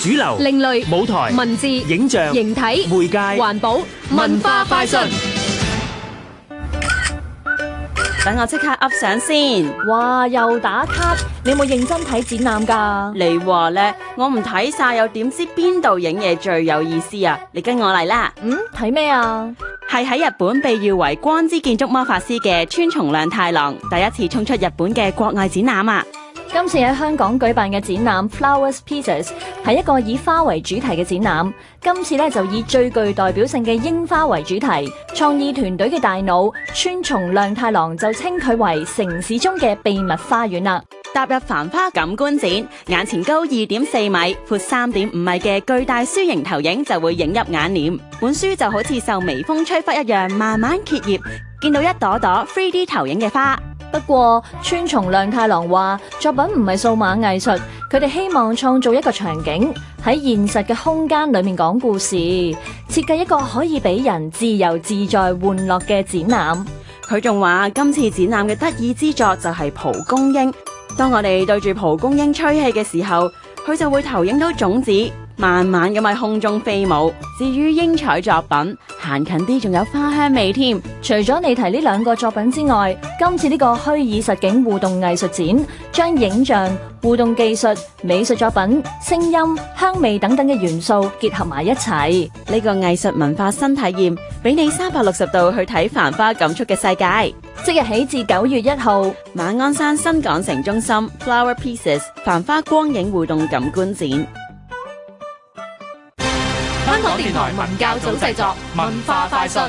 主流、另類、舞台、文字、影像、形體、媒介、環保、文化快訊。等我即刻噏上先。哇，又打卡！你有冇認真睇展覽噶？你話咧，我唔睇晒又點知邊度影嘢最有意思啊？你跟我嚟啦。嗯，睇咩啊？係喺日本被譽為“光之建築魔法師”嘅川松亮太郎第一次衝出日本嘅國外展覽啊！今次喺香港舉辦嘅展覽 Flowers Pieces 係一個以花為主題嘅展覽。今次咧就以最具代表性嘅櫻花為主題。創意團隊嘅大腦川松亮太郎就稱佢為城市中嘅秘密花園啦。踏入繁花感官展，眼前高二點四米、闊三點五米嘅巨大書形投影就會映入眼簾。本書就好似受微風吹拂一樣，慢慢揭頁，見到一朵朵 3D 投影嘅花。不過，川松亮太郎話作品唔係數碼藝術，佢哋希望創造一個場景，喺現實嘅空間裏面講故事，設計一個可以俾人自由自在玩樂嘅展覽。佢仲話，今次展覽嘅得意之作就係蒲公英。當我哋對住蒲公英吹氣嘅時候，佢就會投影到種子。慢慢咁喺空中飛舞。至於英彩作品，行近啲仲有花香味添。除咗你提呢兩個作品之外，今次呢個虛擬實境互動藝術展，將影像、互動技術、美術作品、聲音、香味等等嘅元素結合埋一齊。呢個藝術文化新體驗，俾你三百六十度去睇繁花感觸嘅世界。即日起至九月一號，馬鞍山新港城中心 Flower Pieces 繁花光影互動感官展。香港電台文教組製作文化快訊。